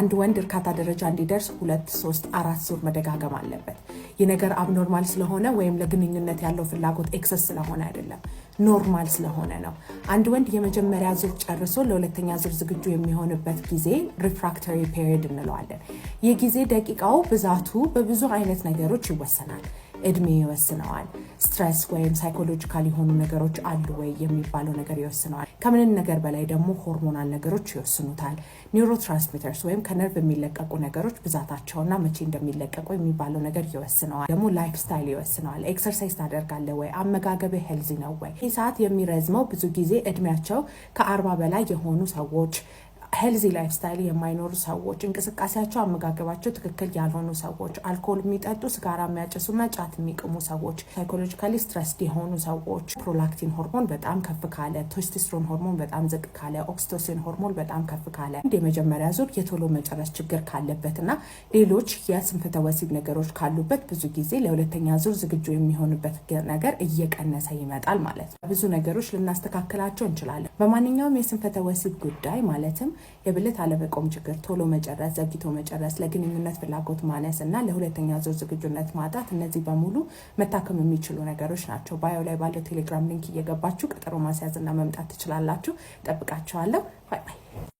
አንድ ወንድ እርካታ ደረጃ እንዲደርስ ሁለት ሶስት አራት ዙር መደጋገም አለበት። ይህ ነገር አብኖርማል ስለሆነ ወይም ለግንኙነት ያለው ፍላጎት ኤክሰስ ስለሆነ አይደለም፣ ኖርማል ስለሆነ ነው። አንድ ወንድ የመጀመሪያ ዙር ጨርሶ ለሁለተኛ ዙር ዝግጁ የሚሆንበት ጊዜ ሪፍራክተሪ ፔሪድ እንለዋለን። ይህ ጊዜ ደቂቃው ብዛቱ በብዙ አይነት ነገሮች ይወሰናል። እድሜ ይወስነዋል። ስትረስ ወይም ሳይኮሎጂካል የሆኑ ነገሮች አሉ ወይ የሚባለው ነገር ይወስነዋል። ከምንም ነገር በላይ ደግሞ ሆርሞናል ነገሮች ይወስኑታል። ኒውሮትራንስሚተርስ ወይም ከነርቭ የሚለቀቁ ነገሮች ብዛታቸውና መቼ እንደሚለቀቁ የሚባለው ነገር ይወስነዋል። ደግሞ ላይፍ ስታይል ይወስነዋል። ኤክሰርሳይዝ ታደርጋለህ ወይ? አመጋገብህ ሄልዚ ነው ወይ? ይህ ሰዓት የሚረዝመው ብዙ ጊዜ እድሜያቸው ከአርባ በላይ የሆኑ ሰዎች ሄልዚ ላይፍ ስታይል የማይኖሩ ሰዎች፣ እንቅስቃሴያቸው፣ አመጋገባቸው ትክክል ያልሆኑ ሰዎች፣ አልኮል የሚጠጡ ስጋራ የሚያጨሱና ጫት የሚቅሙ ሰዎች፣ ሳይኮሎጂካሊ ስትረስድ የሆኑ ሰዎች ፕሮላክቲን ሆርሞን በጣም ከፍ ካለ፣ ቴስቶስትሮን ሆርሞን በጣም ዝቅ ካለ፣ ኦክስቶሲን ሆርሞን በጣም ከፍ ካለ፣ የመጀመሪያ ዙር የቶሎ መጨረስ ችግር ካለበት እና ሌሎች የስንፈተ ወሲብ ነገሮች ካሉበት ብዙ ጊዜ ለሁለተኛ ዙር ዝግጁ የሚሆንበት ነገር እየቀነሰ ይመጣል ማለት ነው። ብዙ ነገሮች ልናስተካክላቸው እንችላለን። በማንኛውም የስንፈተ ወሲብ ጉዳይ ማለትም የብልት አለመቆም ችግር፣ ቶሎ መጨረስ፣ ዘግቶ መጨረስ፣ ለግንኙነት ፍላጎት ማነስ እና ለሁለተኛ ዙር ዝግጁነት ማጣት፣ እነዚህ በሙሉ መታከም የሚችሉ ነገሮች ናቸው። ባዮ ላይ ባለው ቴሌግራም ሊንክ እየገባችሁ ቀጠሮ ማስያዝና መምጣት ትችላላችሁ። ጠብቃችኋለሁ። ባይ ባይ።